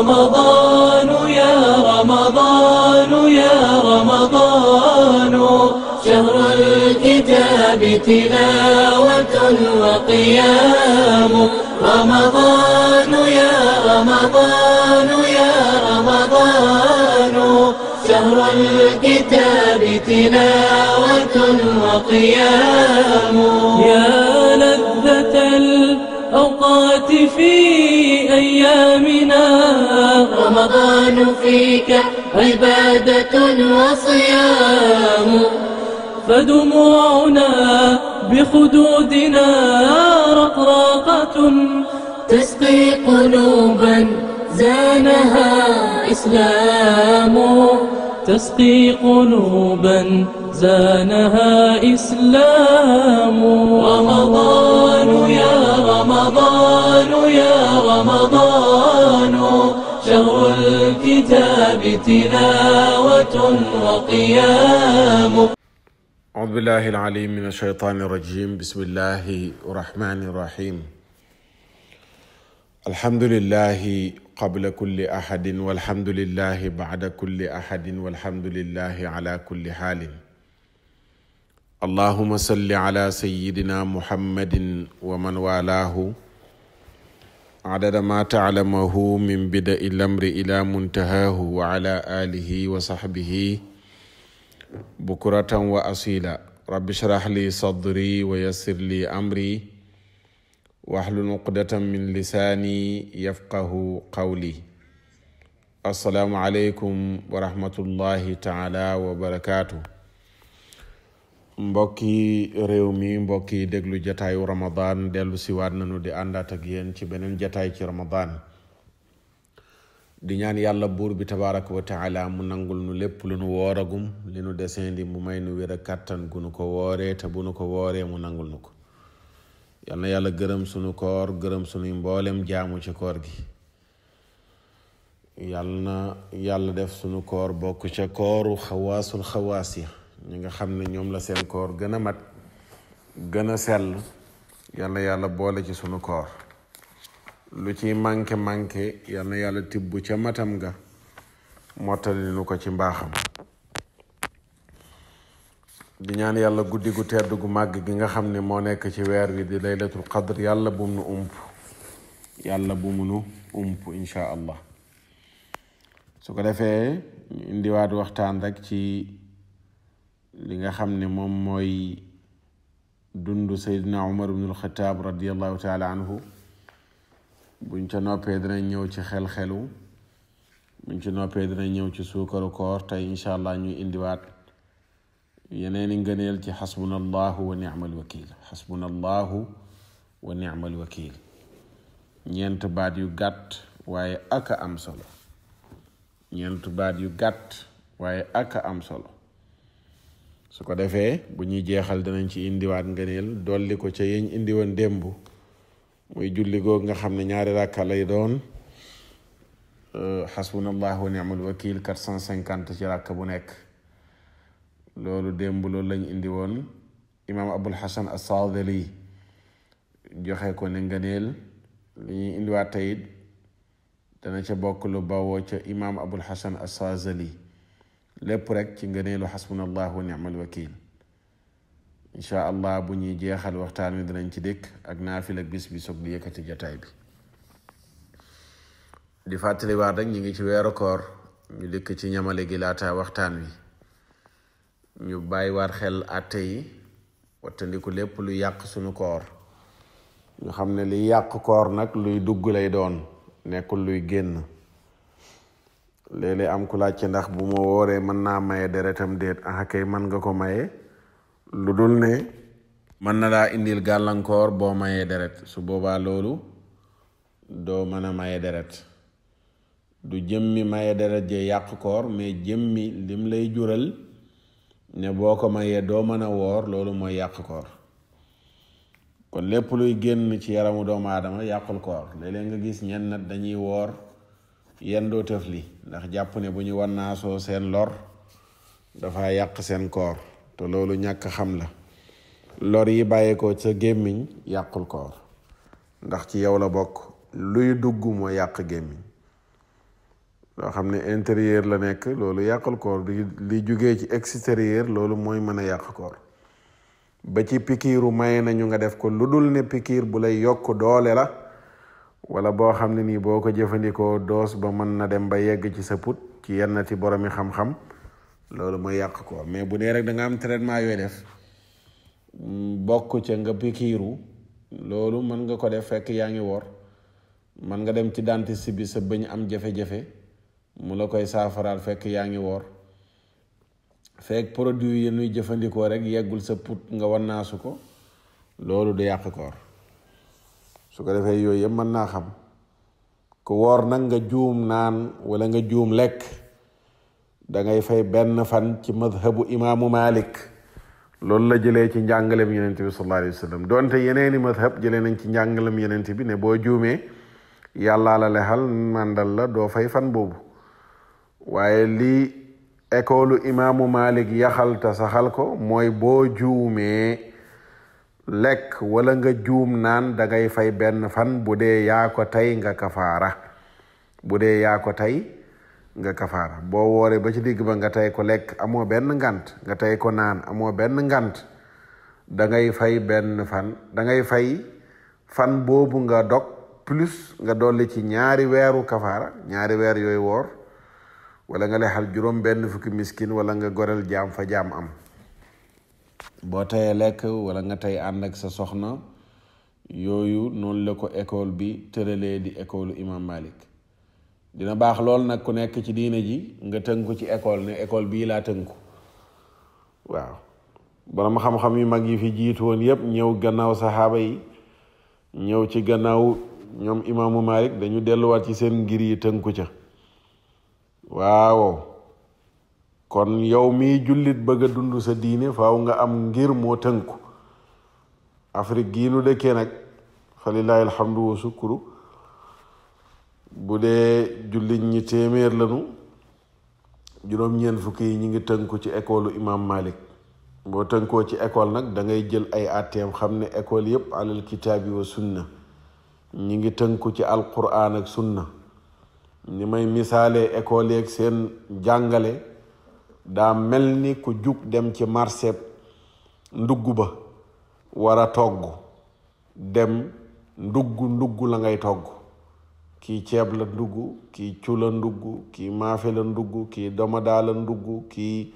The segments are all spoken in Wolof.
رمضان يا رمضان يا رمضان شهر الكتاب تلاوة وقيام رمضان يا رمضان يا رمضان شهر الكتاب تلاوة وقيام رمضان فيك عبادة وصيام فدموعنا بخدودنا رقراقة تسقي قلوبا زانها إسلام تسقي قلوبا زانها إسلام رمضان يا رمضان يا رمضان شهر الكتاب تلاوة وقيام أعوذ بالله العليم من الشيطان الرجيم بسم الله الرحمن الرحيم الحمد لله قبل كل أحد والحمد لله بعد كل أحد والحمد لله على كل حال اللهم صل على سيدنا محمد ومن والاه adada ma taalamahu min bida'i lamri ila muntahaahu wa ala alihi wa sahbihi bukuratan wa asila rabbi shrah li sadri wa yassir li amri wahlul uqdatan min lisaani yafqahu qawli assalaamu aleykum wa rahmatullahi taala wa barakaatu mbokki réew mi mbokki déglu jataayu ramadan dellu siwaat nañu di àndaat ak yéen ci beneen jataay ci ramadan di ñaan yàlla buur bi tabaraka wa mu nangul nu lépp lu nu wooragum li nu deseendi mu may nu wér a kàttan gu nu ko wooree te bu nu ko wooree mu nangul nu ko yal na yàlla gërëm sunu gërëm sunuy mboolem jaamu ci koor gi yal na yàlla def sunu koor bokk ca kooru xawaasul xawaas ñi nga xam ne ñoom la seen koor gën a mat gën a sell yàlla yàlla boole ci sunu koor lu ci manqué manqué yal na yàlla tibb ca matam ga mottali ko ci mbaaxam di ñaan yàlla guddi gu tedd gu màgg gi nga xam ne moo nekk ci weer wi di laylatul qadr yàlla bu mu nu ump yàlla bu nu ump insha allah su ko defee indiwaat waxtaan rek ci li nga xam ne moom mooy dund Seydina Umar ibnul Xataab radiallahu taala anhu buñ ca noppee dana ñëw ci xel-xelu buñ ca noppee dana ñëw ci suukaru koor tey incha allah ñuy indiwaat yeneeni ngëneel ci xasbuna allahu wa ni'mal wakil xasbuna allahu wa ni'mal wakil ñeent baat yu gàtt waaye aka am solo ñeent baat yu gàtt waaye aka am solo su ko defee bu ñuy jeexal danañ ci indiwaat ngëneel dolli ko ca yeñ indi woon démb muy julli googu nga xam ne ñaari ràkka lay doon xasbunallah wa ni'mal wakil quatre cent cinquante ci ràkk bu nekk loolu démb loolu lañ indi woon imaam abul xasan assaadili joxe ko ne ngëneel li ñuy indiwaat tayit dana ca bokk lu bawoo ca imaam abul xasan assaadili lépp rek ci na xasbunallahu wa ni'mal wakiil incha allah bu ñuy jeexal waxtaan wi dinañ ci dëkk ak naafila bis bi soog di yëkkati jataay bi di fàttaliwaat rek ñu ngi ci weeru koor ñu dëkk ci ñamale gi laata waxtaan wi ñu bàyyi waat xel àtte yi wattandiku lépp lu yàq sunu koor ñu xam ne liy yàq koor nag luy dugg lay doon nekkul luy génn léeg am ku laajte ndax bu ma wooree mën naa maye deretam déet ah kay mën nga ko maye lu dul ne mën na laa indil gàllankoor boo mayee deret su boobaa loolu doo mën a maye deret du jëmmi maye deret je yàq koor mais jëmmi lim lay jural ne boo ko mayee doo mën a woor loolu mooy yàq koor kon lépp luy génn ci yaramu doomu aadama yàqul koor léeg-léeg nga gis ñenn nag dañuy woor yendoo tëf li ndax jàpp ne bu ñu wannaasoo seen lor dafa yàq seen koor te loolu ñàkk xam la lor yi bàyyeekoo sa gémmiñ yàqul koor ndax ci yow la bokk luy dugg moo yàq gémmiñ loo xam ne intérieur la nekk loolu yàqul koor li jugee ci extérieur loolu mooy mën a yàq koor ba ci pikiiru may nañu nga def ko lu dul ne pikiir bu lay yokk doole la wala boo xam ne nii boo ko jëfandikoo doos ba mën na dem ba yegg ci sa put ci yenn ti boromi xam-xam loolu mooy yàq ko mais bu dee rek danga nga am traitement yooy def bokk ca nga pikiiru loolu mën nga ko def fekk yaa ngi wor mën nga dem ci dentiste bi sa am jafe-jafe la koy saafaraal fekk yaa ngi woor fekk produit yi nuy jëfandikoo rek yeggul sa put nga wannaasu ko loolu du yàq koor su ko defee yooyu yëpp mën naa xam ku woor nag nga juum naan wala nga juum lekk dangay fay benn fan ci madhabu imaamu Malik loolu la jëlee ci njàngalem yonent bi sallallahu alayhi wa donte yeneeni madhab jëlee nañ ci njàngalem yonent bi ne boo juumee yàllaa la lexal màndal la doo fay fan boobu waaye lii école imaamu Malik yaxal ta saxal ko mooy boo juumee lekk wala nga juum naan dangay fay benn fan bu dee yaa ko tey nga kafaara bu dee yaako ko tey nga kafaara boo wooree ba ci digg ba nga tey ko lekk amoo benn ngant nga tey ko naan amoo benn ngant dangay ngay fay benn fan da fay fan boobu nga dog plus nga dolli ci ñaari weeru kafaara ñaari weer yooy woor wala nga lexal juróom benn fukki miskin wala nga goreel jaam fa jaam am boo teyee lekk wala nga tey ànd ak sa soxna yooyu noonu la ko école bi tëralee di école imam Malik dina baax lool nag ku nekk ci diine ji nga tënku ci école ne école bii laa tënku waaw borom xam-xam yu mag yi fi jiitu woon yépp ñëw gannaaw saxaaba yi ñëw ci gannaaw ñoom imaamu Malik dañu delluwaat ci seen ngir yi tënku ca waaw kon yow mii jullit bëgg a dund sa diine faaw nga am ngir moo tënku Afrique gii nu dëkkee nag fa lillaahi alhamdu wa sukkuru bu dee jullit ñi téeméer lanu juróom-ñeent fukki ñi ngi tënku ci école imam Malik boo tënkoo ci école nag dangay ngay jël ay atteem xam ne école yépp alal kitaabi wa sunna ñi ngi tënku ci alquran ak sunna ni may misaalee école yeeg seen jàngale daa mel ni ku jug dem ci marché ndugg ba wara a togg dem ndugg ndugg la ngay togg kii ceeb la ndugg kii cula ndugg ki maafe la ndugg kii domadaa la ndugg kii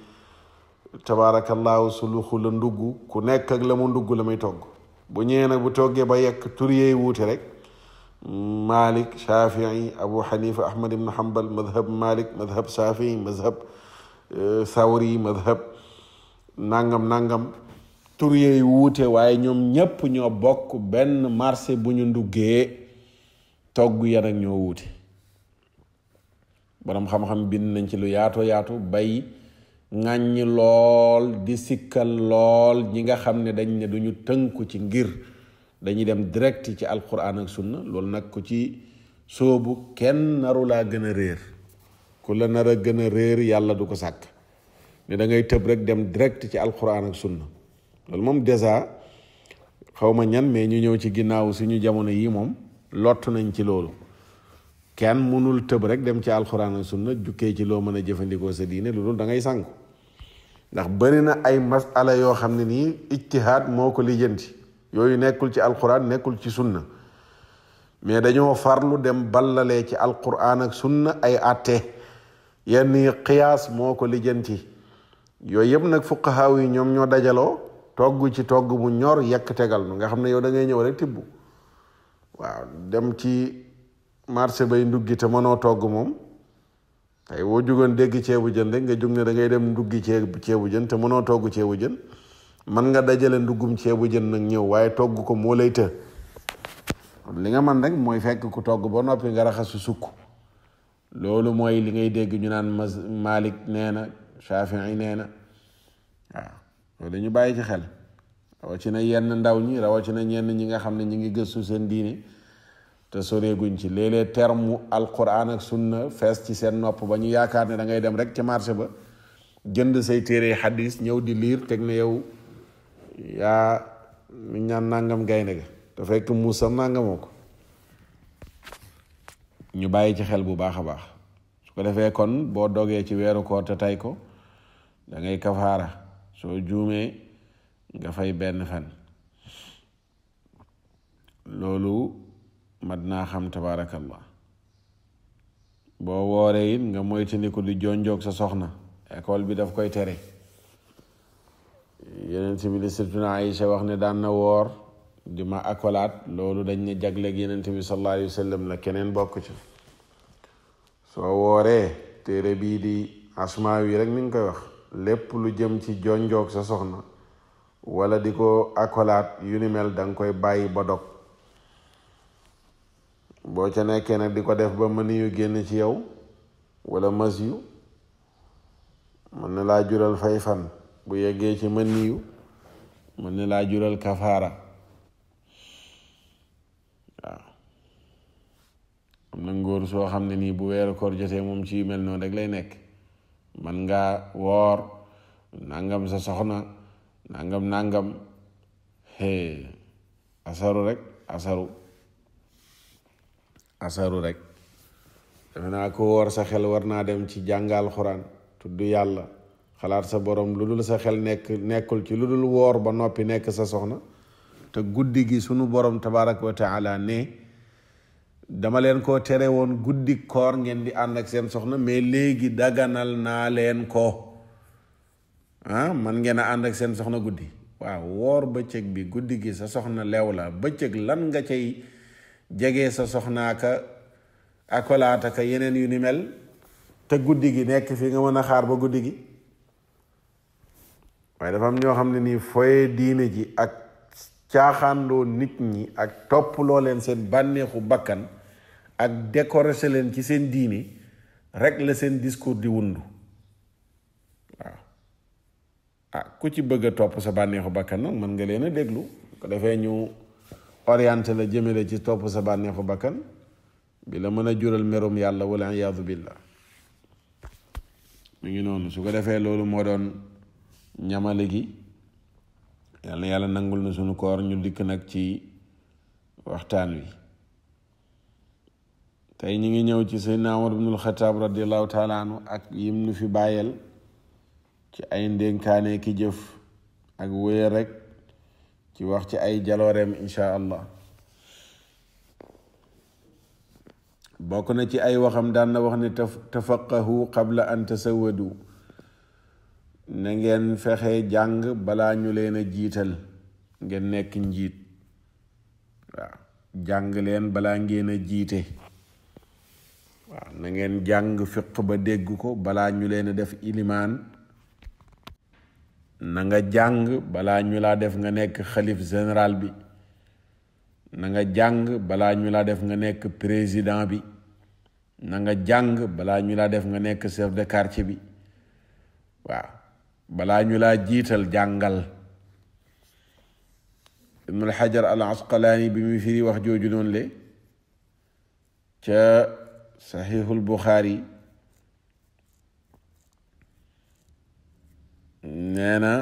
tabaarakallaahu suluxu la ndugg ku nekk ak la mu ndugg la muy togg bu ñëwee nag bu toggee ba yekk tur yeey wuute rek malik shafii abu xanifa ahmad ibn hanbal madhab malik madhab shafii madhab sawri madhab nangam nangam tur yooyu wuute waaye ñoom ñépp ñoo bokk benn marché bu ñu nduggee togg ya nag ñoo wuute boroom xam-xam bind nañ ci lu yaato yaatu bay ŋàññ lool di sikkal lool ñi nga xam ne dañ ne duñu tënku ci ngir dañuy dem direct ci alquran ak sunna loolu nag ko ci soobu kenn naru laa gën a réer ku la nar a gën a réer yàlla du ko sàkk ne dangay tëb rek dem direct ci alquran ak sunna loolu moom dèjà xaw ma ñan mais ñu ñëw ci ginnaaw suñu jamono yii moom lott nañ ci loolu kenn mënul tëb rek dem ci alxuraan ak sunna jukkee ci loo mën a jëfandikoo sa diine loolu da ngay sànku ndax bëri na ay masala yoo xam ne nii ijtihaad moo ko lijjanti yooyu nekkul ci alquran nekkul ci sunna mais dañoo farlu dem ballalee ci alquran ak sunna ay àtte yenn yi qiyaas moo ko ci yooyu yëpp nag xaw yi ñoom ñoo dajaloo togg ci togg bu ñor yekk tegal nu nga xam ne yow da ñëw rek tibb waaw dem ci marché bay nduggi te mënoo togg moom tey boo jugoon dégg ceebu jën nga jug ne da dem nduggi ceebu jën te mënoo togg ceebu jën man nga dajale nduggum ceebu jën nag ñëw waaye togg ko moo lay të li nga man rek mooy fekk ku togg ba noppi nga raxasu sukk loolu mooy li ngay dégg ñu naan Malik nee na Shafii nee na waaw loolu bàyyi ci xel na yenn ndaw ñi rawatina ñenn ñi nga xam ne ñi ngi gëstu seen diine te soreeguñ ci léeg-léeg terme alquran ak sunna fees ci seen nopp ba ñu yaakaar ne da ngay dem rek ci marché ba jënd say téere xadis ñëw di liir teg na yow yaa ñaan nangam gaynde ga te fekk Muusa nangamoo ko ñu bàyyi ci xel bu baax a baax su ko defee kon boo dogee ci weeru koor te tay ko da ngay kafaara soo juumee nga fay benn fan loolu mat naa xam tabaarakallah boo wooree it nga moytandiku di jonjoog sa soxna école bi daf koy tere yeneen si bi di Sayyidatuna Aïcha wax ne daan na woor di ma akolaat loolu dañ ne jagleeg yenent bi sallallahu alayhi wa la keneen bokk ci soo wooree téere bii di asmaa wi rek mi ngi koy wax lépp lu jëm ci jonjook sa soxna wala di ko akolaat yu ni mel danga koy bàyyi ba boo ca nekkee nag di ko def ba mën yu génn ci yow wala mas mën na laa jural fay fan bu yeggee ci mën yu mën na laa jural kafaara am na ngóor soo xam ne nii bu weeru koor jotee moom ci mel noonu rek lay nekk man ngaa woor nàngam sa soxna nàngam nàngam hee asaru rek asaru asaru rek defe naa ko woor sa xel war naa dem ci jàngal xuraan tudd yàlla xalaat sa borom lu dul sa xel nekk nekkul ci lu dul woor ba noppi nekk sa soxna te guddi gi sunu borom tabaraka wa taala ne dama leen ko tere woon guddi koor ngeen di ànd ak seen soxna mais léegi daganal naa leen ko ah, man ngeen a ànd ak seen soxna guddi waaw woor bëccëg bi guddi gi sa soxna leew la bëccëg lan nga cay jege sa soxnaaka akolaataka yeneen yu ni mel te guddi gi nekk fi nga mën a xaar ba guddi gi waaye dafa am ñoo xam ne nii fooye diine ji ak caaxaandoo nit ñi ak topp loo leen seen bànneexu bakkan ak décorer leen ci seen diini rekk la seen discours di wundu waaw ah ku ci bëgg a topp sa bànneexu bakkan nag mën nga leen a déglu ko defee ñu orienté la jëmale ci topp sa bànneexu bakkan bi la mën a jural merum yàlla wala iyaadu billah mu ngi noonu su ko defee loolu moo doon ñamale gi yàlla yàlla nangul na sunu koor ñu dikk nag ci waxtaan wi tey ñu ngi ñëw ci Seydina Omar ibnul Xataab radiallahu taala ak yim nu fi bàyyeel ci ay ndénkaane ki jëf ak wéye rek ci wax ci ay jalooreem insha allah bokk na ci ay waxam daan na wax ne tafaqahu qabla an tasawadu na ngeen fexe jàng balaa ñu leen a jiital ngeen nekk njiit waaw jàng leen balaa ngeen a jiite waaw na ngeen jàng fiq ba dégg ko balaa ñu leen def ilimaan na nga jàng balaa ñu laa def nga nekk xalif général bi na nga jàng balaa ñu laa def nga nekk président bi na nga jàng balaa ñu laa def nga nekk chef de quartier bi waaw balaa ñu laa jiital jàngal ibnul xajar al asqalaani bi muy firi wax jooju noonu le ca saxiixul buxaari nee na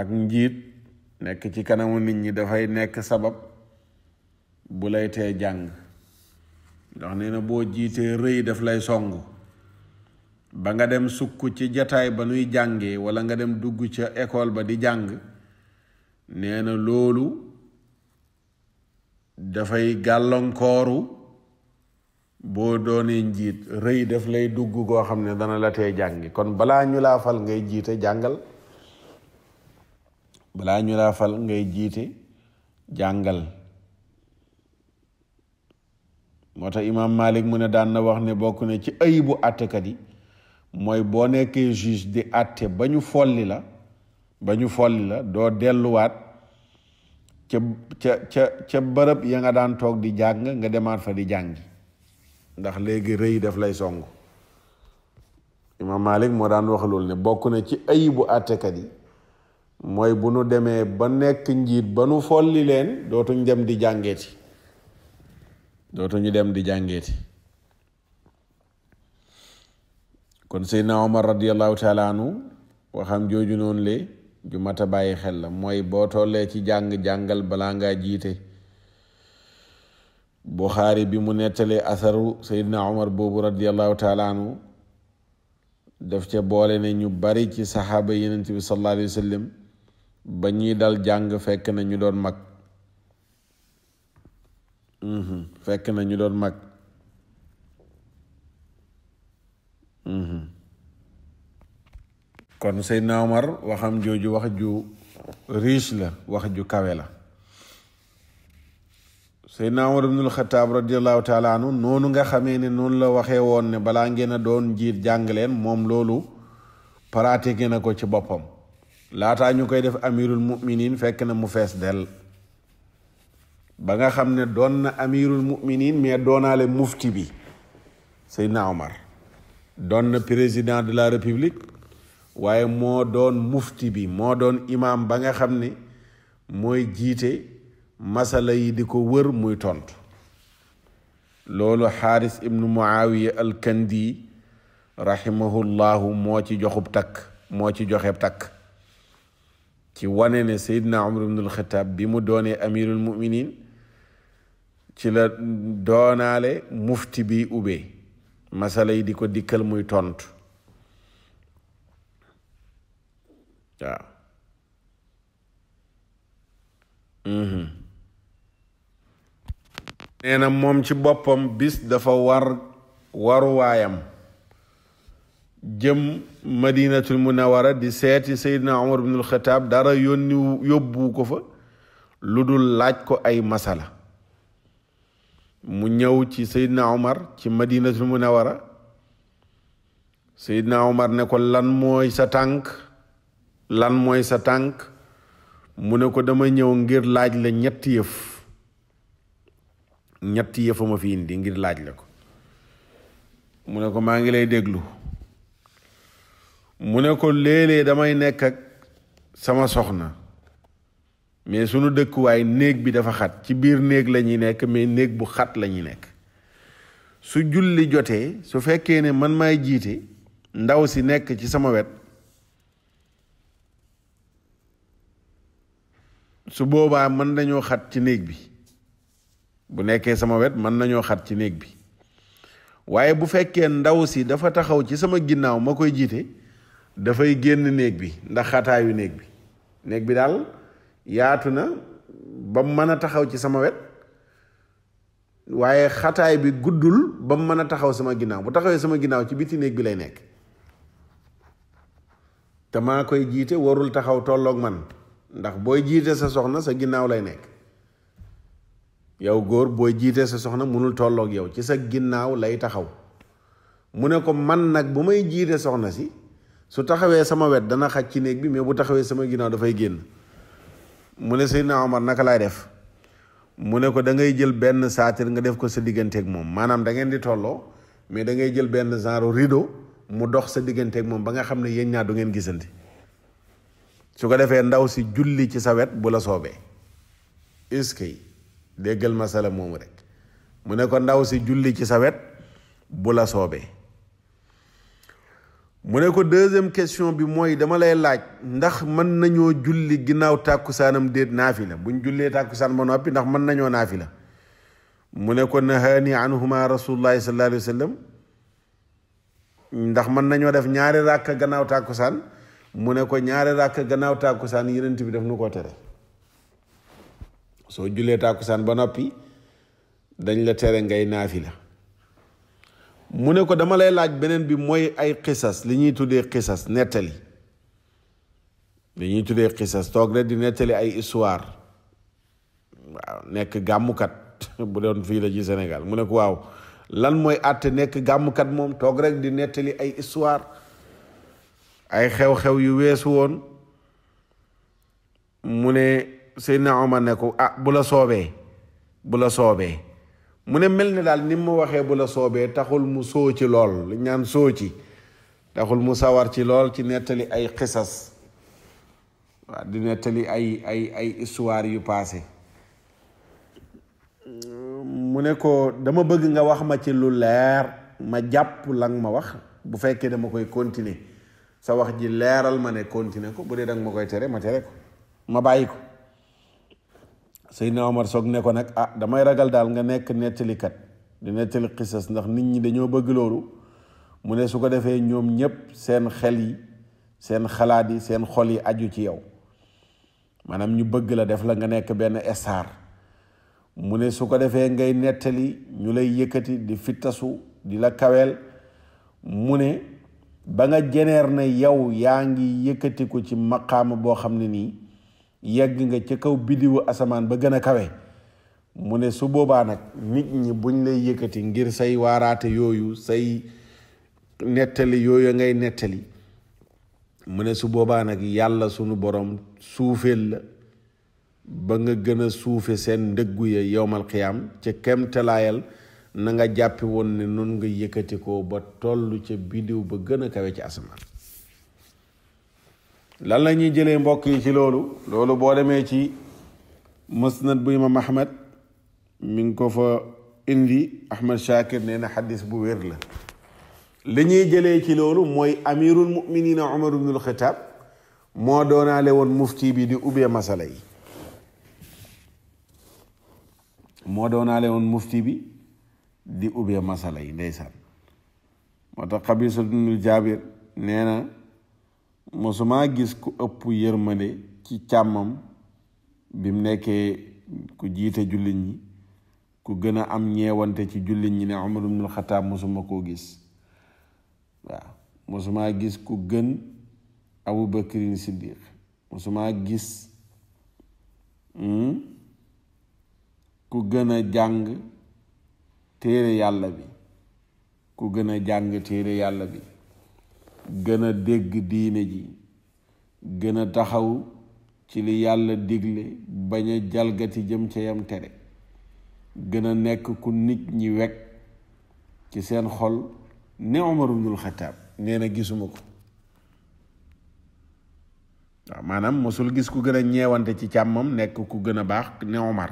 ak njiit nekk ci kanamu nit ñi dafay nekk sabab bu lay tee jàng ndox nee na boo jiitee rëy daf lay song ba nga dem sukk ci jataay ba nuy jàngee walla nga dem dugg ca école ba di jàng neena loolu dafay gàllankooru boo doonee njiit rëy def lay dugg koo xam ne dana la te jàngi kon balaa ñu laa ngay jiite jàngal balaa ñu laa ngay jiite jàngal moo tax imaam Malik mu ne daan na wax ne bokk na ci ayibu àttekat yi mooy boo nekkee juge di àtte ba ñu folli la ba ñu folli la doo delluwaat ca ca ca bërëb ya nga daan toog di jàng nga demaat fa di jàngi ndax léegi rëy def lay song imaam Malik moo daan wax loolu ne bokk na ci ayibu àttekat yi mooy bu nu demee ba nekk njiit ba nu folli leen dootuñ dem di jàngeeti dootuñu dem di jàngeeti kon Seydina na radiallahu taala anhu waxam jooju noonu lee ju mat a bàyyi xel la mooy boo tollee ci jàng-jàngal balaa ngaa jiite buxaari bi mu nettalee asaru seydina omar boobu radiallahu taala anhu daf boole ne ñu bari ci saxaaba yenent bi sallallahu alayhi ba ñuy dal jàng fekk na doon mag mhm, fekk na ñu doon mag kon Seydina Omar waxam jooju wax ju riche la wax ju kawe la Seydina Omar ibnul Xataab radiallahu taala noonu nga xamee ne noonu la waxee woon ne balaa ngeen a doon njiit jàng leen moom loolu pratiqué na ko ci boppam laataa ñu koy def amirul muminin fekk na mu fees dell ba nga xam ne doon na amirul muminin mais doonaale mufti bi Seydina doon na président de la république waaye moo doon mufti bi moo doon imaam ba nga xam ni mooy jiite masala yi di ko wër muy tontu loolu xaaris ibnu muawiya alkandi rahimahullahu moo ci joxub takk moo ci joxeb takk ci wane ne seydina umar ibnul xataab bi mu doonee amirul muminin ci la doonaale mufti bi ubbe masala yi di ko dikkal muy tontu waaw mm-hmm. nee na moom ci boppam bis dafa war waruwaayam jëm madinatul wara di seeti seydina umar ibnul xataab dara yónni yóbbu ko fa lu dul laaj ko ay masala mu ñëw ci seydina umar ci madinatul munawara seydina umar ne ko lan mooy sa tànk lan mooy sa tànk mu ne ko dama ñëw ngir laaj la ñetti yëf ñetti yëf ma fi indi ngir laaj la ko mu ne ko maa ngi lay déglu mu ne ko léeg-léeg damay nekk ak sama soxna mais sunu dëkkuwaay néeg bi dafa xat ci biir néeg la ñuy nekk mais néeg bu xat lañuy nekk su julli jotee su fekkee ne man maay jiite ndaw si nekk ci sama wet su boobaa mën nañoo xat ci néeg bi bu nekkee sama wet mën nañoo xat ci néeg bi waaye bu fekkee ndaw si dafa taxaw ci sama ginnaaw ma koy jiite dafay génn néeg bi ndax xataayu néeg bi néeg bi daal yaatu na ba mën a taxaw ci sama wet waaye xataay bi guddul ba mën a taxaw sama ginnaaw bu taxawee sama ginnaaw ci biti néeg bi lay nekk te maa koy jiite warul taxaw tollook man ndax booy jiitee sa soxna sa ginnaaw lay nekk yow góor booy jiite sa soxna mënul tolloog yow ci sa ginnaaw lay taxaw mu ne ko man nag bu may jiite soxna si su taxawee sama wet dana xaj ci néeg bi mais bu taxawee sama ginnaaw dafay génn mu ne Seydina Omar naka laay def mu ne ko da ngay jël benn saatir nga def ko sa digganteeg moom maanaam da ngeen di tolloo mais dangay jël benn genre rideau mu dox sa digganteeg moom ba nga xam ne yéen ñaar du ngeen gisante su ko defee ndaw si julli ci sa wet bu la soobee est-ce que déggal masala moomu rek mu ne ko ndaw si julli ci sa wet bu la soobee mu ne ko deuxième question bi mooy dama lay laaj ndax mën nañoo julli ginnaaw tàkkusaanam déet naafila buñ jullee tàkkusaan ba noppi ndax mën nañoo naafila mu ne ko nahaani anhuma rasulullahi sallallahu alayhi wa ndax mën nañoo def ñaari ràkk gannaaw tàkkusaan mu ne ko ñaare ràkk gannaaw tàkkusaan yonent bi daf nu ko tere soo julee tàkkusaan ba noppi dañ la tere ngay naafila mu ne ko dama lay laaj beneen bi mooy ay xisas li ñuy tuddee xisas nettali li ñuy tuddee xisas toog rek di nettali ay histoire waaw nekk gàmmukat bu doon fii la ji Sénégal mu ne ko waaw lan mooy àtte nekk gàmmukat moom toog rek di nettali ay histoire ay xew-xew yu weesu woon mu ne Seydina Omar ne ko ah bu la soobee bu la soobee mu ne mel ne daal ni mu waxee bu la soobee taxul mu soow ci lool ñaan soow ci taxul mu sawar ci lool ci nettali ay xisas waaw di ay ay ay histoire yu passé mu ne ko dama bëgg nga wax ma ci lu leer ma jàpp lang ma wax bu fekkee dama koy continuer sa wax ji leeral ma ne continuer ko bu dee danga ma koy tere ma tere ko ma bàyyi ko Seydina Omar soog ne ko nag ah damay ragal daal nga nekk nettalikat di nettali xisas ndax nit ñi dañoo bëgg loolu mu ne su ko defee ñoom ñëpp seen xel yi seen xalaat yi seen xol yi aju ci yow maanaam ñu bëgg la def la nga nekk benn star mu ne su ko defee ngay nettali ñu lay yëkkati di fittasu di la kaweel mu ne ba nga jeneer na yow yaa ngi yëkkatiku ci maqaama boo xam ne nii yegg nga ca kaw biddiwu asamaan ba gën a kawe mu ne su boobaa nag nit ñi buñ lay yëkkati ngir say waaraate yooyu say nettali yooyu ngay nettali mu ne su boobaa nag yàlla sunu borom suufeel la ba nga gën a suufe seen ndëggu ya yowmal qiyaam ca kemtalaayal na nga jàppi woon ne noonu nga yëkkati ko ba toll ca biddiw ba gën a kawe ci asamaan lan la ñuy jëlee mbokk yi ci loolu loolu boo demee ci musnad bu imam ahmad mi ngi ko fa indi ahmad shakir nee na xadis bu wér la li ñuy jëlee ci loolu mooy amirul muminina umar ibnul xitaab moo doonaale woon mufti bi di ubbee masala yi moo doonaale woon mufti bi di ubbee masala yi ndeysaan moo tax xabisa dundul jaabir nee na mosumaa gis ku ëpp yërmande ci càmmam bi mu nekkee ku jiite jullit ñi ku gën a am ñeewante ci jullit ñi ne Umar ibnul Xataab mosuma koo gis waaw mosumaa gis ku gën Abu Bakrin Siddiq mosumaa gis hmm, ku gën a jàng téere yàlla bi ku gën a jàng téere yàlla bi gën dégg diine ji gën a taxaw ci li yàlla digle bañ a jalgati jëm ca yam tere gën a nekk ku nit ñi wekk ci seen xol ne Omar ibnul Xataab nee gisuma ko waaw maanaam mosul gis ku gën a ñeewante ci càmmam nekk ku gën a baax ne Omar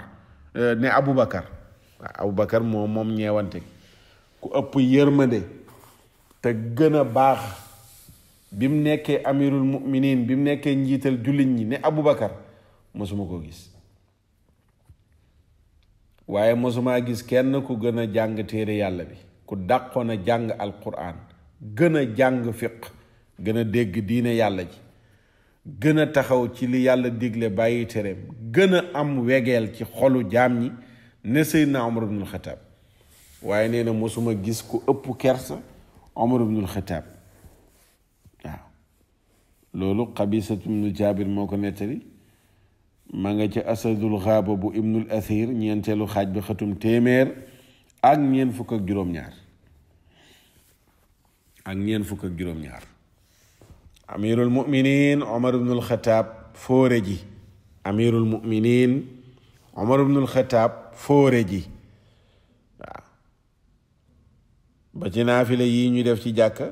eh, ne Aboubacar waaw Aboubacar moom moom ñeewante ku ëpp yërmande te gën a baax bi mu nekkee amirul muminin bi mu nekkee njiital jullit ñi ne Aboubacar mosuma ko gis waaye mosumaa gis kenn ku gën a jàng téere yàlla bi ku dàqoon a jàng alquran gën a jàng fiq gën a dégg diine yàlla ji gën a taxaw ci li yàlla digle bàyyi tereem gën a am wegeel ci xolu jaam yi ne Seydina Omar ibnul Xataab waaye nee na mosuma gis ku ëpp kersa Omar loolu xabisat ibnu jaabir moo ko nettali ma nga ca asadul xaaba amirul muminin omar ibnul xataab fóore amirul muminin omar ibnul xataab fóore ji waaw ba ci naafile yii ñu def ci jàkka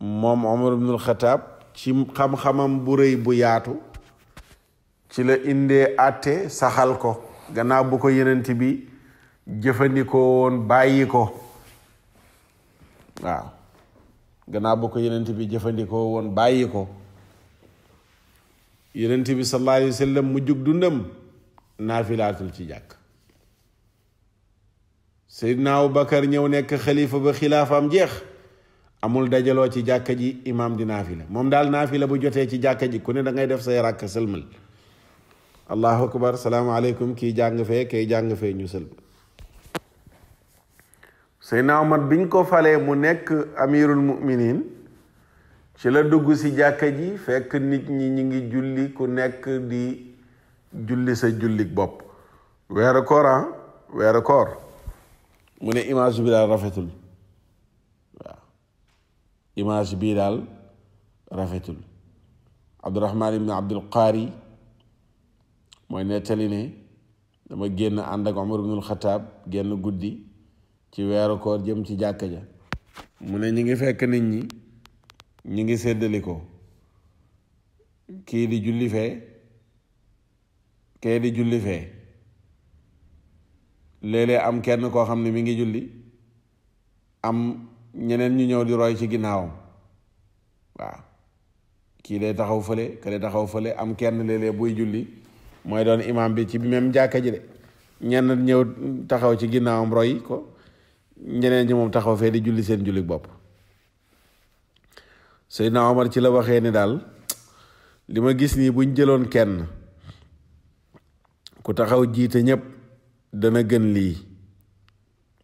moom Omar ibnul Xataab ci xam-xamam bu rëy bu yaatu ci la indee àtte saxal ko gannaaw bu ko yenent bi jëfandikoo woon bàyyi ko waaw bu ko yenent bi jëfandikoo woon bàyyi ko yenent bi sallallahu alayhi wa sallam mu jug naafilaatul ci jàkk Seydina Abubakar ñëw nekk xalifa ba xilaafaam jeex amul dajaloo ci jàkka ji imaam di naafila moom daal naafila bu jotee ci jàkka ji ku ne dangay def say ràkk sëlmal allahu akbar salaamaaleykum kii jàng fee kay jàng fee ñu sëlmal mat Omar biñ ko falee mu nekk amirul muminin ci la dugg si jàkka ji fekk nit ñi ñi ngi julli ku nekk di julli sa jullik bopp weeru koor ah, weeru koor mu ne image bi daal rafetul waaw image bii daal rafetul abdurahman ibn abdul qaari mooy nettali ne dama génn ànd ak omar ibnul xataab génn guddi ci weeru koor jëm ci jàkka ja mu ne ñu ngi fekk nit ñi ñu ngi séddali ko kii di julli fee kee di julli fee léeg am kenn koo xam ne mi ngi julli am ñeneen ñu ñëw di roy ci ginnaawam waaw kii day taxaw fële ka day taxaw fële am kenn léeg buy julli mooy doon imam bi ci même jàkka ji de ñenn ñëw taxaw ci ginnaawam roy ko ñeneen ñi moom taxaw fee di julli seen julli bopp Seydina Omar ci la waxee ni daal li ma gis nii buñ jëloon kenn ku taxaw jiite ñépp dana gën lii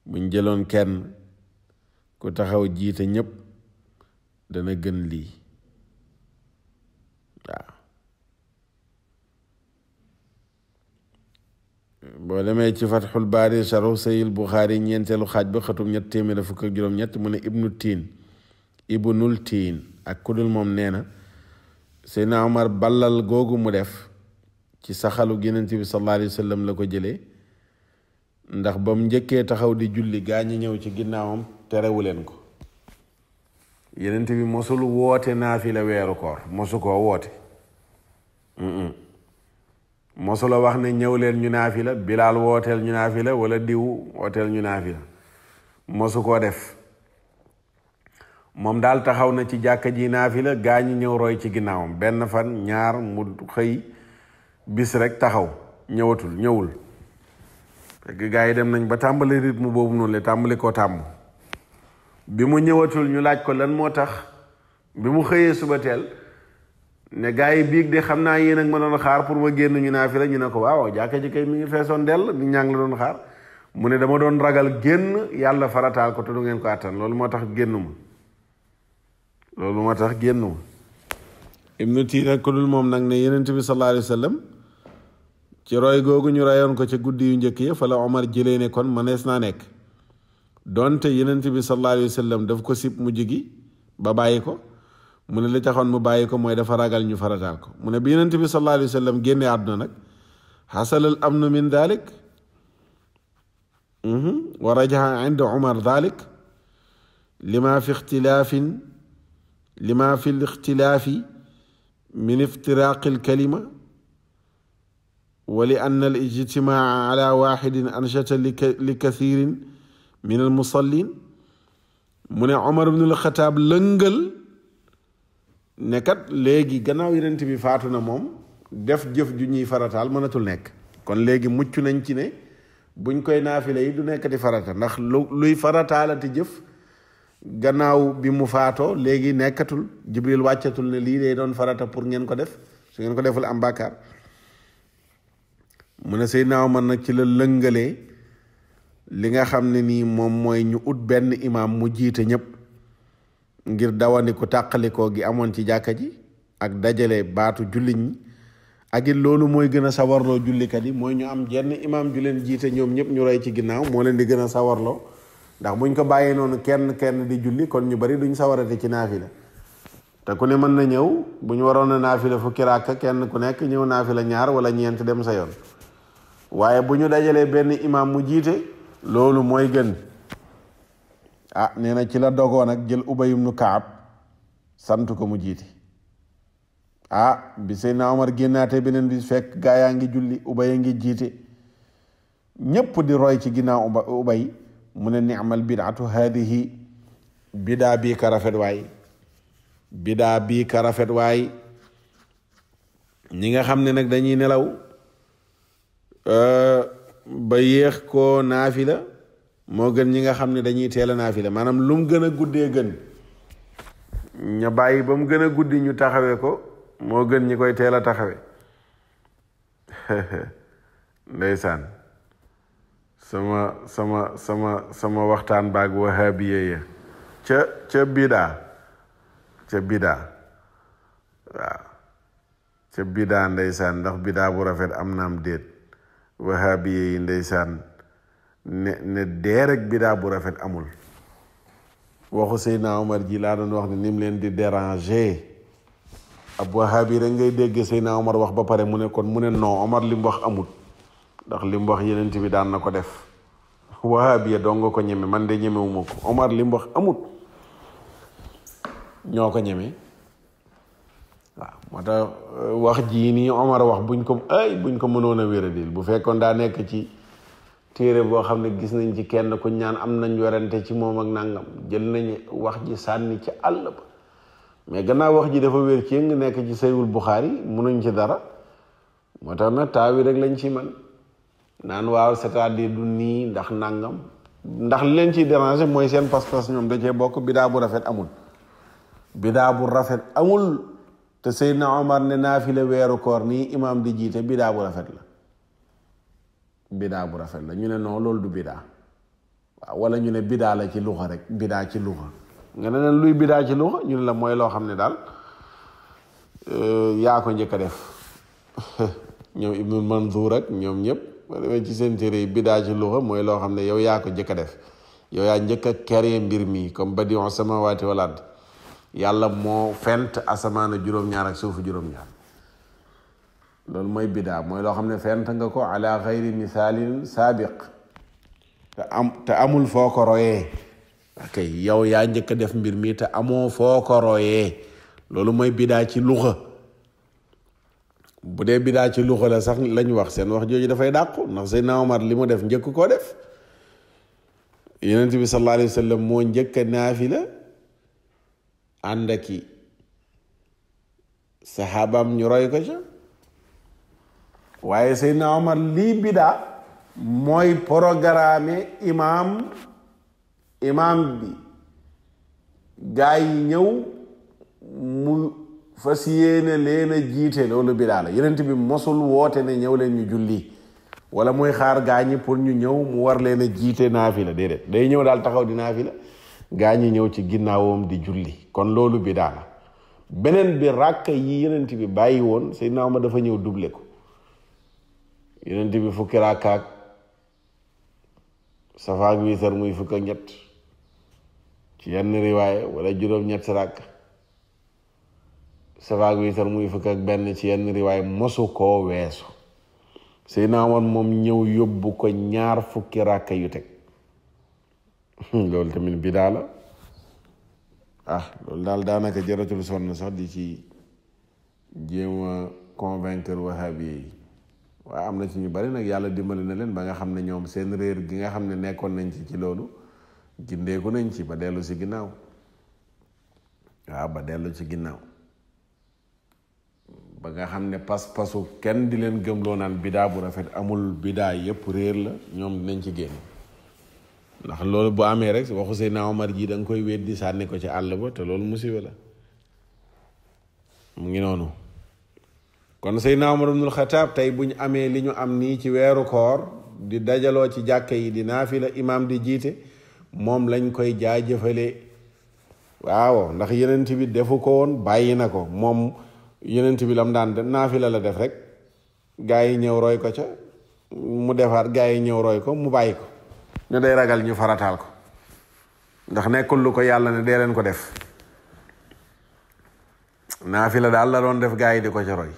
buñ jëloon kenn ku taxaw jiite ñépp dana gën lii waaw boo demee ci fatxul baari sharhu sayil buxaari ñeenteelu xaaj ba xatum ñett mu ne ibnu tiin ibnul tiin ak kudul moom nee na Seydina Omar googu mu def ci saxalu Yonent bi sallallahu alayhi wa la ko jële ndax ba mu njëkkee taxaw di julli gaa ñi ñëw ci ginnaawam terewu leen ko Yonent bi mosul woote naafila weeru koor mosu koo woote mosula wax ne ñëw leen ñu naafila bilaal wooteel ñu naafila wala diw wooteel ñu naafila mosu koo def moom daal taxaw na ci jàkka ji naafila la ñi ñëw roy ci ginnaawam benn fan ñaar mu xëy bis rek taxaw ñëwatul ñëwul fekk gaa yi dem nañ ba tàmbali mu boobu noonu le tàmbali koo tàmb bi mu ñëwatul ñu laaj ko lan moo tax bi mu xëyee suba teel ne gaa yi biig de xam naa yéen ak ma doon xaar pour ma génn ñu naa fi la ñu ne ko waaw jàkka ji mi ngi feesoon dell mi la doon xaar mu ne dama doon ragal génn yàlla farataal ko te du ngeen ko àttan loolu moo tax génn ma loolu moo tax génn ma ibnu tii nag ku dul moom nag ne yenent bi sallallahu alayhi ci roy googu ñu rayoon ko ci guddi yu njëkk ya fa la Omar jëlee ne kon mënees naa nekk donte yenent bi sallallahu alayhi wa ko sib mu jigi ba bàyyi ko mu ne li taxoon mu bàyyi ko mooy dafa ragal ñu farataal ko mu ne bi yenent bi sallallahu alayhi wa sallam génnee àdduna nag xasalal amnu min dalik mhm, wa rajaha inda Omar dalik lima fi ixtilaafin lima fi lixtilaafi min iftiraaqi alkalima wali anna al ijtimaa ala waxidin anshata li kathirin min al musallin mu ne omar ibnul lëngal nekkat léegi gannaaw yonent bi faatu na moom def jëf ju ñuy farataal mënatul nekk kon léegi mucc nañ ci ne buñ koy naafile yi du nekkati farata ndax lu luy farataalati jëf gannaaw bi mu faatoo léegi nekkatul jibril wàccatul ne lii day doon farata pour ngeen ko def su ngeen ko deful am bàkkaar mu ne Seydina Omar nag ci la lëngalee li nga xam ne nii moom mooy ñu ut benn imaam mu jiite ñëpp ngir dawandi dawandiku tàqalikoo gi amoon ci jàkka ji ak dajale baatu jullit ñi ak it loolu mooy gën a sawarloo jullikat yi mooy ñu am jenn imaam ju leen jiite ñoom ñëpp ñu roy ci ginnaaw moo leen di gën a sawarloo ndax buñ ko bàyyee noonu kenn kenn di julli kon ñu bari duñ sawarate ci naafila te ku ne mën na ñëw bu ñu waroon a naafila fukki raaka kenn ku nekk ñëw naafila ñaar wala ñeent dem sa yoon waaye bu ñu dajalee benn imaam mu jiite loolu mooy gën ah nee na ci la dogoon jël Ubay ibnu Kaab sant ko mu jiite ah bi Seydina Omar génnaatee beneen bi fekk gaa yaa ngi julli Ubay a ngi jiite ñépp di roy ci ginnaaw Ubay mu ne ni'mal bid'atu haadihi bidaa bii ka rafet waay bidaa bii ka rafet waay ñi nga xam ne nag dañuy nelaw Euh, ba yéex koo naafila moo gën ñi nga xam ne dañuy teel a naafila maanaam lu mu gën a guddee gën ña bàyyi ba mu gën a guddi ñu taxawee ko moo gën ñi koy teel a taxawe ndeysaan sama sama sama sama waxtaan baag wahabiya ya ca ca bidaa ca bidaa waaw ca bidaa ndeysaan ndax bidaa bu rafet am naam déet wahaabiye yi ndeysaan ne ne dee rek bidaa bu rafet amul waxu Seydina Omar ji laa doon wax ne ni mu leen di déranger ab wahaabi rek ngay dégg Seydina Omar wax ba pare mu ne kon mu ne noo Omar li mu wax amul ndax li mu wax yenent bi daan na ko def wahaabiya doo ko ñeme man de ñemewuma ko Omar li wax amul ñoo ko ñeme waaw moo tax euh, wax jii nii Omar wax buñ ko ay buñ ko mënoon a wéradil bu fekkoon daa nekk ci téere boo xam ne gis nañ ci kenn ku ñaan am nañ werante ci moom ak nangam jël nañ wax ji sànni ci àll mais gannaaw wax ji dafa wér ci nga nekk ci saywul Buxaari mënuñ ci dara moo tax nag taawi rek lañ ci man naan waaw c'est-à-dire du nii ndax nangam ndax li leen ciy déranger mooy seen pas-pas ñoom da cee bokk bidaa bu rafet amul bidaa bu rafet amul te Seydina Omar ne naafila weeru koor nii imaam di jiite bidaa bu rafet la bidaa bu rafet la ñu ne non loolu du bidaa waaw wala ñu ne bidaa la ci luxa rek bidaa ci luxa nga ne leen luy bidaa ci luxa ñu ne la mooy loo xam ne daal yaa ko njëkk def ñoom Ibnu Manzuur ak ñoom ñëpp ba demee ci seen téere yi bidaa ci luxa mooy loo xam ne yow yaa ko njëkk def yow yaa njëkk a créer mbir mi comme badi'u sama wal ard yàlla moo fent asamaana juróom-ñaar ak suufu juróom-ñaar loolu mooy biddaa mooy loo xam ne fent nga ko ala xayri misaalin saabiq te am te amul foo ko royee ok yow yaa njëkk def mbir mii te amoo foo ko royee loolu mooy bidaa ci luxa bu dee bidaa ci luxa la sax lañ wax seen wax jooju dafay dàqu ndax Seydina Omar li mu def njëkk koo def yeneen bi sallallahu alayhi moo njëkk naafila ànd aki saxaabam ñu roy ko ca waaye Seydina Omar lii bidaa mooy programme imaam imaam bi gaa yi ñëw mu fas yéene leen a jiite loolu bidaa la yenent bi mosul woote ne ñëw leen ñu julli wala muy xaar gaa ñi pour ñu ñëw mu war leen a jiite naafila déedéet day ñëw daal taxaw di naafila gaa ñi ñëw ci ginnaawam di julli kon loolu bi la beneen bi ràkk yi yonent bi bàyyi woon Seydina ma dafa ñëw duble ko yonent bi fukki ràkkaak safa ak wiitar muy fukk ak ñett ci yenn riwaaye wala juróom-ñett ràkk safa ak wiitar muy fukk ak benn ci yenn riwaaye mosu koo weesu Seydina Omar moom ñëw yóbbu ko ñaar fukki ràkk yu teg Hmm, loolu tamit bidaa la ah loolu daal daanaka jaratul sonn sax di ci jéem a convaincre wahabi yi waaye am na ci ñu bari nag yàlla dimbali na leen ba nga xam ne ñoom seen réer gi nga xam ne nekkoon nañ ci ci loolu gindeeku nañ ci ba dellu si ginnaaw waaw ba dellu ci ginnaaw ba nga xam ne pas-pasu kenn di leen gëmloo naan bidaa bu rafet amul bidaa yépp réer la ñoom dinañ ci génn ndax loolu bu amee rek waxu Seydina Omar ji da nga koy weddi sànni ko ci àll ba te loolu musiba la mu ngi noonu kon Seydina Omar ibnul Xataab tey bu ñu amee li ñu am nii ci weeru koor di dajaloo ci jàkk yi di naafila imaam di jiite moom lañ koy jaajëfalee waaw ndax yenent bi defu ko woon bàyyi na ko moom yenent bi lam daan naafila la def rek gaa yi ñëw roy ko ca mu defaat gaa yi ñëw roy ko mu bàyyi ko ñu day ragal ñu farataal ko ndax nekkul lu ko yàlla ne dee leen ko def naafila daal la doon def gaa yi di ko ca roy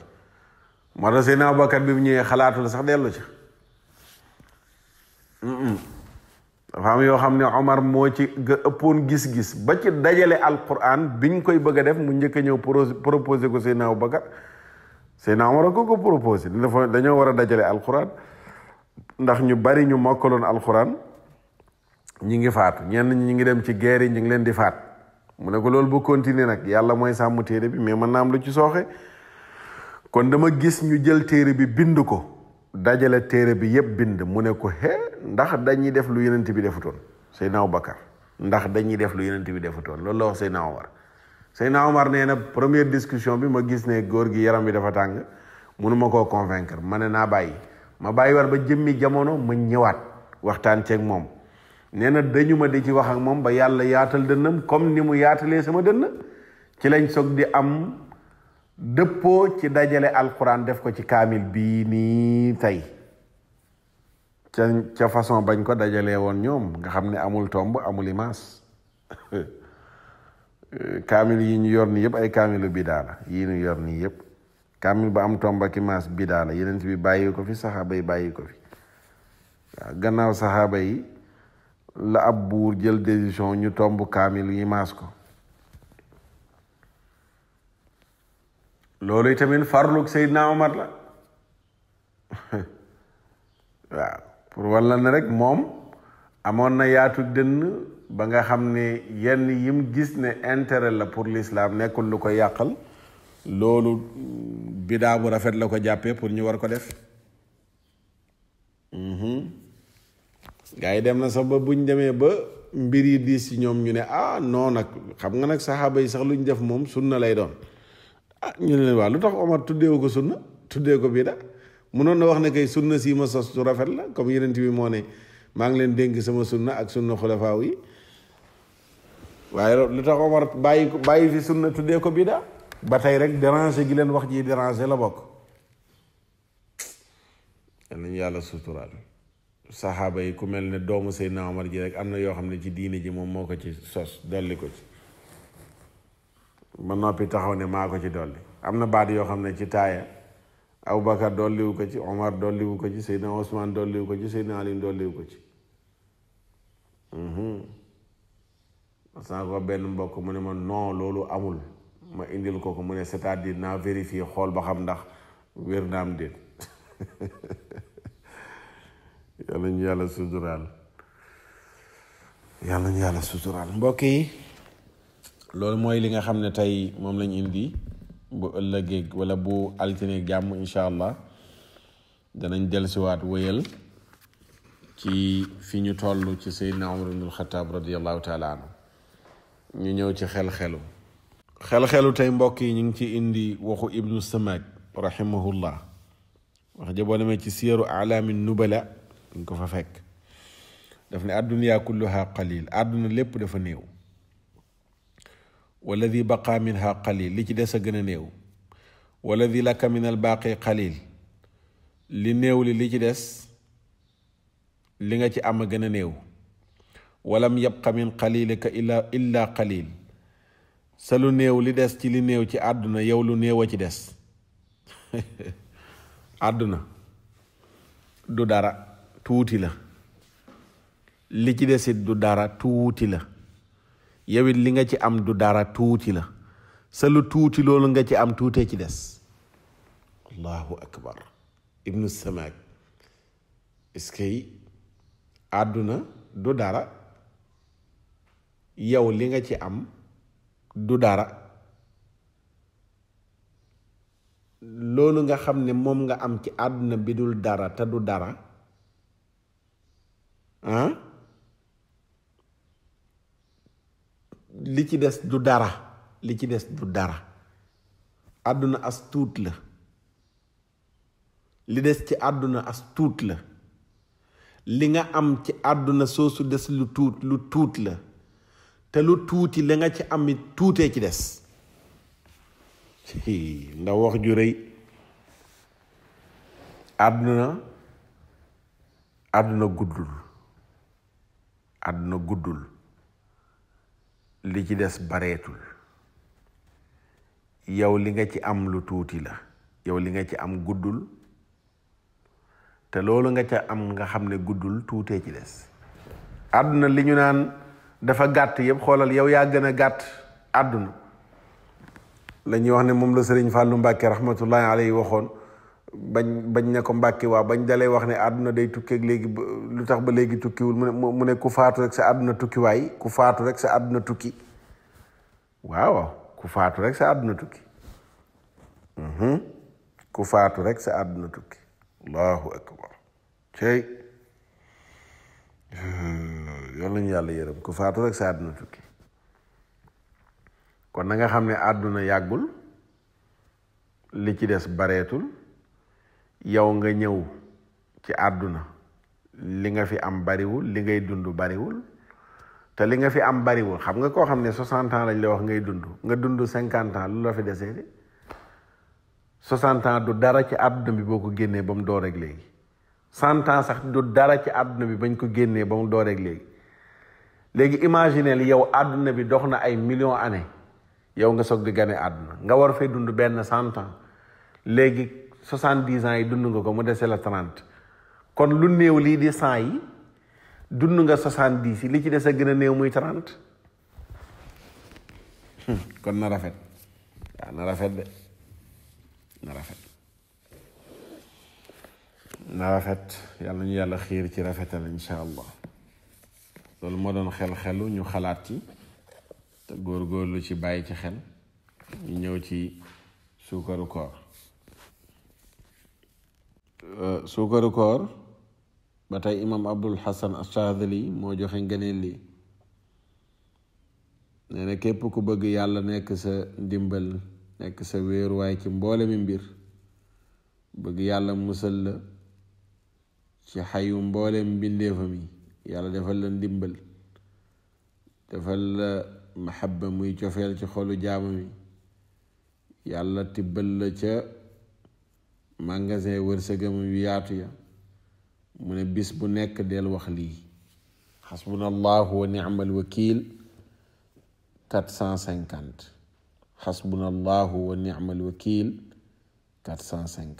moo tax Seydina Abubakar bi mu ñëwee xalaatul sax dellu ca dafa am yoo xam ne Omar moo ci ëppoon gis-gis ba ci dajale Alquran biñ koy bëgg def mu njëkk a ñëw proposé ko Seydina Abubakar Seydina Omar ko ko dañoo war a dajale Alquran ndax ñu bari ñu mokkaloon Alquran ñi ngi faatu ñenn ñi ñu ngi dem ci guerre yi ñu ngi leen di faat mu ne ko lool bu continuer nag yàlla mooy sàmm téere bi mais mën naa am lu ci sooxe kon dama gis ñu jël téere bi bind ko dajale téere bi yépp bind mu ne ko he ndax dañuy def lu yenent bi defutoon naw bakkar ndax dañuy def lu yenent bi defutoon loolu la wax Seydina Omar Seydina Omar nee na première discussion bi ma gis ne góor gi yaram bi dafa tàng mënuma koo convaincre ma ne naa bàyyi ma bàyyi war ba jëmmi jamono ma ñëwaat waxtaan ceeg moom nee na dañu ma di ci wax ak moom ba yàlla yaatal dënnam comme ni mu yaatalee sama dënn ci lañ soog di am dëppoo ci dajale alxuraan def ko ci kaamil bii nii tey ca ca façon bañ ko dajale woon ñoom nga xam ne amul tomb amul imaas kaamil yi ñu yor nii yëpp ay kaamilu bidaa la yi ñu yor nii yëpp kaamil ba am tomb ak imaas bidaa la yeneen bi bàyyi ko fi saxaaba yi bàyyi ko fi waaw gannaaw saxaaba yi la ab buur jël décision ñu tomb kaamil yi maas ko loolu tamit farluk Seydina Omar la waaw pour walla ne rek moom amoon na yaatu dënn ba nga xam ne yenn yim gis ne interel la pour l'islam nekkul lu ko yàqal loolu bidaa bu rafet la ko jàppee pour ñu war ko def gars yi dem na sax ba buñ demee ba mbir yi diis ci ñoom ñu ne ah non nag xam nga nag saxaaba yi sax lu ñu def moom sunna lay doon ah ñu ne leen waa lu tax Omar tuddeewu ko sunna tuddee ko bidaa mënoon na wax ne kay sunna si ma sos su rafet la comme yeneen bi moo maa ngi leen dénk sama sunna ak sunna xulafaaw yi waaye lu tax Omar bàyyi ko bàyyi fi sunna tuddee ko bidaa ba tey rek déranger gi leen wax ji déranger la bokk. yal nañu yàlla suturaal. saxaaba yi ku mel ne doomu Seydina Omar ji rek am na yoo xam ne ci diine ji moom moo ko ci sos dolli ko ci ba noppi taxaw ne maa ko ci dolli am na baat yoo xam ne ci taaya Aboubacar dolliwu ko ci Omar dolliwu ko ci Seydina Ousmane dolliwu ko ci Seydina Ali dolliwu ko ci parce mhm. benn mbokk mu ne ma non amul ma indil ko ko mu ne c'est-à-dire naa vérifier xool ba xam ndax wér naam déet yàlla ñu yàlla suturaal yàlla ñu yàlla suturaal mbokk yi loolu mooy li nga xam ne tey moom lañ indi bu ëllëgeeg wala bu altine jàmm incha allah danañ dellusiwaat wéyal ci fi ñu toll ci Seydina Umar ibnul ñu ñëw ci xel-xelu xel-xelu tey mbokk yi ñu ngi ci indi waxu ibnu Samaak rahimahullah wax ja boo demee ci siiru alaami nubala duñ ko fa fekk daf ne adduniyaa kulluha qalil àdduna lépp dafa néew walladi baqa minha qalil li ci des a gën a néew walladi laka min al baaqi qalil li néew li li ci des li nga ci am a gën a néew walam yabqa min qalilika illa illa qalil sa lu néew li des ci li néew ci àdduna yow lu néew a ci des àdduna du dara tuuti la li ci desit du dara tuuti la yowit li nga ci am du dara tuuti la sa lu tuuti loolu nga ci am tuutee ci des allahu akbar ibnu samaak est àdduna du dara yow li nga ci am du dara loolu nga xam ne moom nga am ci àdduna bi dul dara te du dara ah li ci des du dara li ci des du dara àdduna as tuut la li des ci àdduna as tuut la li nga am ci àdduna soosu des lu tuut lu tuut la te lu tuuti li nga ci amit it tuutee ci des ndax wax ju rëy àdduna àdduna guddul àdduna guddul li ci des bareetul yow li nga ci am lu tuuti la yow li nga ci am guddul te loolu nga ca am nga xam ne guddul tuutee ci des àdduna li ñu naan dafa gàtt yëpp xoolal yow yaa gën a gàtt àdduna la ñuy wax ne moom la sëriñ Fàllu Mbàkke rahmatullahi alayhi waxoon bañ bañ ne ko mbàkki waaw bañ dalee wax ni àdduna day tukki ak léegi lu tax ba léegi tukkiwul mu ne mu ne ku faatu rek sa àdduna tukki ku faatu rek sa àdduna tukki waaw ku faatu rek sa àdduna tukki mhm. ku faatu rek sa àdduna tukki allahu akbar yàlla ñu yàlla yërëm ku tukki kon na nga xam ne àdduna yàggul li ci des bareetul yow nga ñëw ci àdduna li nga fi am bariwul li ngay dund bariwul te li nga fi am bariwul xam nga koo xam ne soixante ans lañ la wax ngay dund nga dund cinquante ans lu la fi desee de soixante ans du dara ci àdduna bi boo ko génnee ba mu door léegi cent ans sax du dara ci àdduna bi bañ ko génnee ba mu door ak léegi léegi imagineel yow àdduna bi dox na ay million années yow nga soog di gane àdduna nga war fee dund benn cent léegi soixante-dix ans yi dund nga ko mu dese la trente kon lu néew lii di cent yi dund nga soixante-dix yi li ci des a gën a néew muy trente hmm, kon na rafet waaw ah, na rafet de na rafet na rafet yàlla ñu yàlla xiir ci rafetal insha allah loolu moo doon xel-xelu ñu xalaat ci te góor-góorlu ci bàyyi ci xel ñu ñëw ci suukaru koor Euh, suukaru koor ba tey imam abdul hasan ashadili moo joxe ngëneel li nee képp ku bëgg yàlla nekk sa ndimbal nekk sa weeruwaay ci mboole mi mbir bëgg yàlla musal la ci xayu mbooleem mbindeefam yi yàlla defal la ndimbal defal la maxabba muy cofeel ci xolu jaamam yi yàlla tibbal la ca magasin wërsëgam yu yaatu ya mu ne bis bu nekk del wax lii xasbuna wa ni'mal wakiil quatre cent cinquante xasbuna allahu wa ni'mal wakiil quatre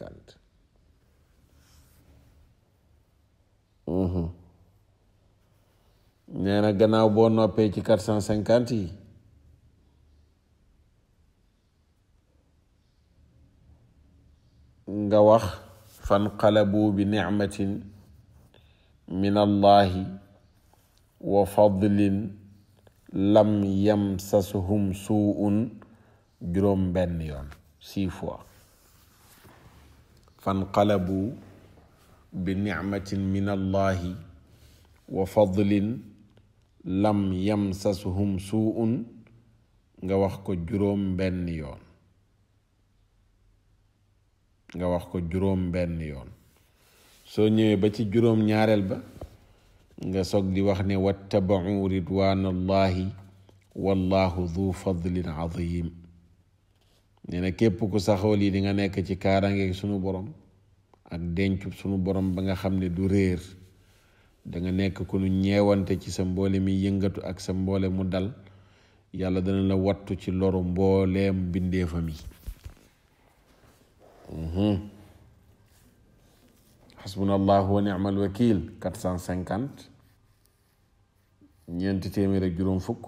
na gannaaw boo noppee ci quatre cent yi nga wax fanqalabu bi nicmatin min allahi wa fadlin lam yamsashum suun juróom benn yoon six fois fanqalabu bi nicmatin min allahi wa fadlin lam yamsashum suun nga wax ko juróom benn yoon nga wax ko juróom benn yoon soo ñëwee ba ci juróom ñaareel ba nga soog di wax ne wattabau ridwanallahi wallahu du fadlin azim nee na képp ku saxoo lii di nga nekk ci kaaraange sunu borom ak dencu sunu borom ba nga xam ne du réer danga nekk ku nu ñeewante ci sa mboole mi yëngatu ak sa mboole mu dal yàlla dana la wattu ci loru mbooleem bindeefam yi xasbunallahu wa ni'mal wakil quatre cent cinquante ñeenti téeméer ak juróom fukk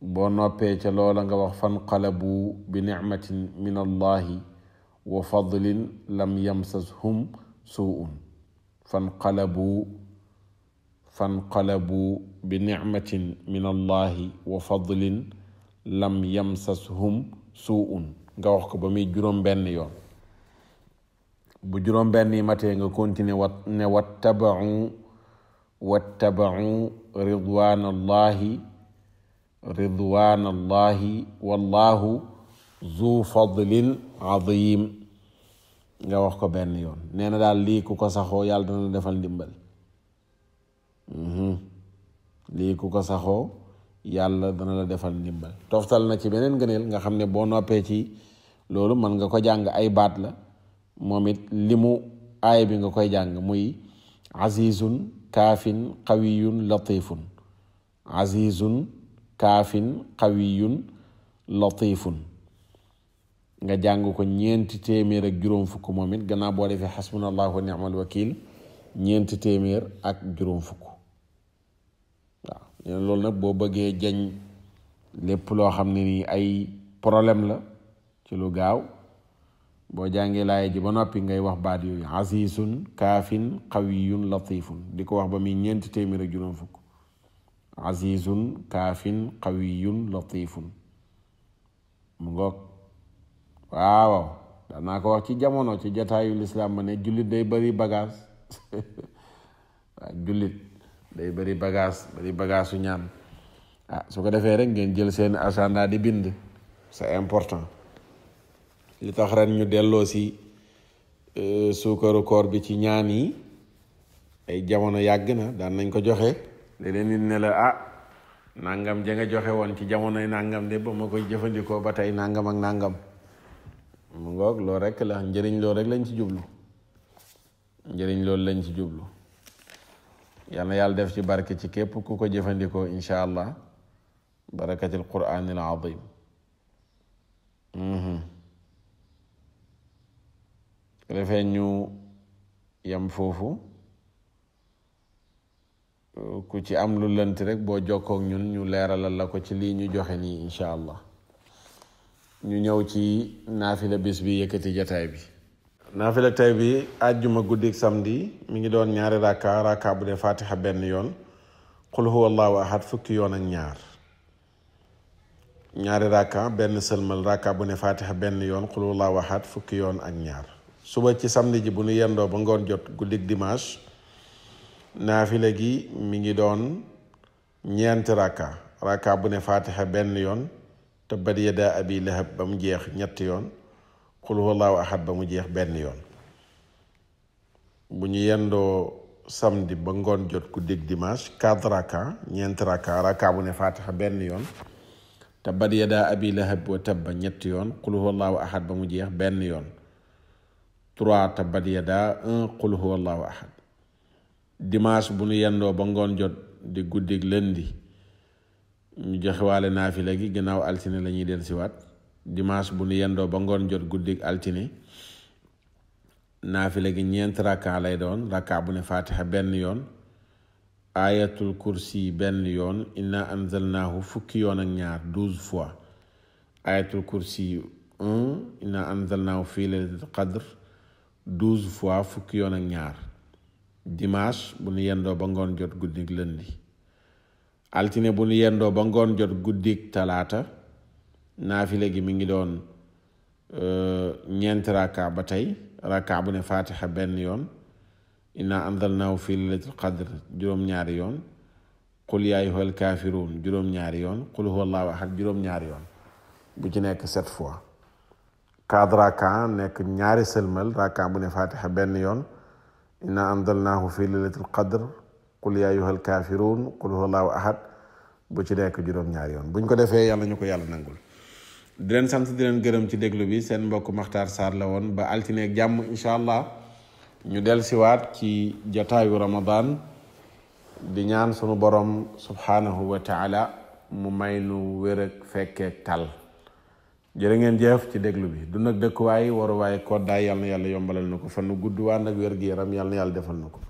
boo noppee ca loola nga wax fanqalabu bi nicmatin min allahi wa fadlin lam yamsashum suun fanqalabu fanqalabu bi nicmatin min allahi wa fadlin lam yamsashum suun nga wax ko ba muy juróom-benn yoon bu juróom-benn yi matee nga continuer wat ne wattabau wattabau ridwaanallahi ridwaanallahi wallahu zu fadlin azim nga wax ko benn yoon nee na daal lii saxoo yàlla dana defal ndimbal mhm. lii ku ko saxoo yàlla dana la defal ndimbal toftal na ci beneen gëneel nga xam ne boo noppee ci loolu mën nga ko jàng ay baat la moom it li mu aaya bi nga koy jàng muy azizun kaafin qawiyun latifun azizun kaafin qawiyun latifun nga jàng ko ñeenti téeméer ak juróom fukk moom gannaaw boo defee xasbunallahu wa ni'mal wakil ñeenti téeméer ak juróom fukk waaw loolu nag boo bëggee jañ lépp loo xam ne nii ay problème la ci lu gaaw boo jàngee laaya ji ba noppi ngay wax baat yooyu azizun kaafin qawiyun latifun di ko wax ba muy ñeenti téeméer juróom fukk azizun kaafin qawiyun latifun mu ngoog waaw danaa ko wax ci jamono ci jataayu lislaam ma ne jullit day bari bagage waaw jullit day bari bagage bari bagage su ñaan ah su ko defee rek ngeen jël seen agenda di bind c'est important li tax ren ñu delloo si euh, suukaru koor bi ci ñaan yi ay jamono yàgg na daan nañ ko joxe léeg-léeg nit ne la ah nangam joxe woon ci jamonoy nangam de ba ma koy jëfandikoo ba tey nàngam ak nàngam mu ngoog loolu rek la njëriñ lool rek lañ ci jublu njëriñ loolu lañ ci jublu yal na yàlla def ci barke ci képp ku ko jëfandikoo incha allah barakatil quraanil azim mm-hmm. su ñu yam foofu ku ci am lu lënt rek boo jokkook ñun ñu leeralal la ko ci lii ñu joxe nii insha allah ñu ñëw ci naafila bis bi yëkkati jataay bi naafila tey bi àjjuma guddik samedi mu ngi doon ñaari raaka raaka bu dee faatixa benn yoon qul huwa fukki yoon ak ñaar ñaari raaka benn sëlmal raaka bu ne faatixa benn yoon qul huwa waxaat fukki yoon ak ñaar suba ci samedi ji bu nu yendoo ba ngoon jot guddig dimanche naafila gi mu ngi doon ñeenti rakka rakka bu ne faatixa benn yoon tabbat yadaa abi lahab ba mu jeex ñetti yoon qul ba mu jeex benn yoon bu ñu yendoo samedi ba ngoon jot ku dégg dimanche ñeenti raka bu ne faatixa benn yoon tabbat yadaa abi lahab wa tabba ñetti yoon qul huwallaahu ba mu jeex benn yoon trois tabbat yadaa un qul huwa allahu ahad dimanche bu nu yendoo ba ngoon jot di guddig lëndi ñu joxewaale naafila gi gannaaw altine la ñuy dellusiwaat dimanche bu nu yendoo ba ngoon jot guddig altine naafila gi ñeent rakka lay doon rakka bu ne faatiha benn yoon ayatul kursi benn yoon inna anzalnaahu fukki yoon ak ñaar douze fois ayatul kursi un inna anzalnaahu fii laylatul qadr douze fois fukki yoon ak ñaar dimanche bu nu yendoo ba ngoon jot guddik lëndi altine bu nu yendoo ba ngoon jot guddik talaata naafile gi mi ngi doon euh, ñeenti raka ba tey raka bu ne fatiha benn yoon inna anzalnahu fi lailatul qadr juróom-ñaari yoon qul yaa ayyuhal kaafiruun juróom-ñaari yoon qul huwallahu ahad juróom-ñaari yoon bu ci nekk sept fois quatre raka nekk ñaari sëlmal raka bu ne fatiha benn yoon inna anzalnaahu fi laylatil qadr qul yaa ayyuhal kaafiruun qul huwallaahu ahad bu ci nekk juróom-ñaari yoon buñ ko defee yàlla ñu ko yàlla nangul di leen sant di leen gërëm ci déglu bi seen mbokk Makhtar Sarr la woon ba altine jàmm incha allah ñu del siwaat ci jataayu ramadan di ñaan sunu borom subhanahu wa mu may nu wér ak fekkeek tal jërë ngeen jëf ci déglu bi du nag dëkkuwaay waruwaay koddaay yàlla na yàlla yombalal na ko fan nu gudd waan ak wér gi yaram yàlla na yàlla defal na ko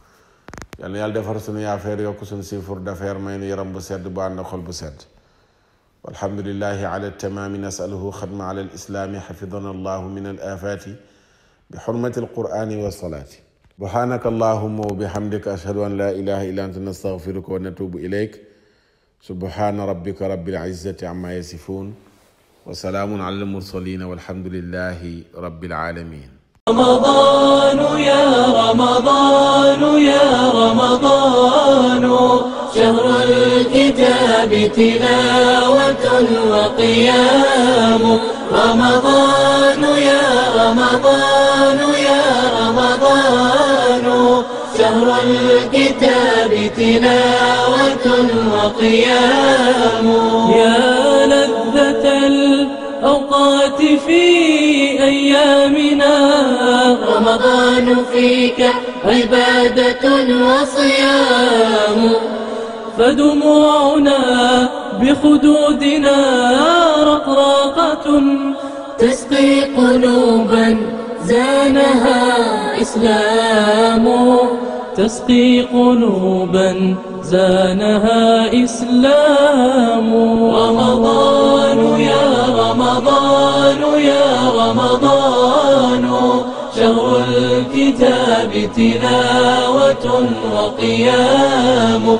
yàlla na yàlla defar suñuy affaire yokk suñu chiffre d'affaires may nu yaram bu sedd bu ànd ak xol bu sedd walhamdulillahi ala tamaami nasaluhu xadma ala alislaami xafidana allahu min al afaati bi xurmati alqurani wasalaati subhaanaka allahuma wa bihamdika ashhadu an laa ilaha illa anta nastaghfiruka wa natubu ilayk subhaana rabbika rabbil izzati amma yasifun وسلام على المرسلين والحمد لله رب العالمين رمضان يا رمضان يا رمضان شهر الكتاب تلاوة وقيام رمضان يا رمضان يا رمضان شهر الكتاب تلاوة وقيام يا رمضان فيك عبادة وصيام فدموعنا بخدودنا رقراقة تسقي قلوبا زانها إسلام تسقي قلوبا زانها إسلام رمضان يا رمضان يا رمضان شهر الكتاب تلاوة وقيام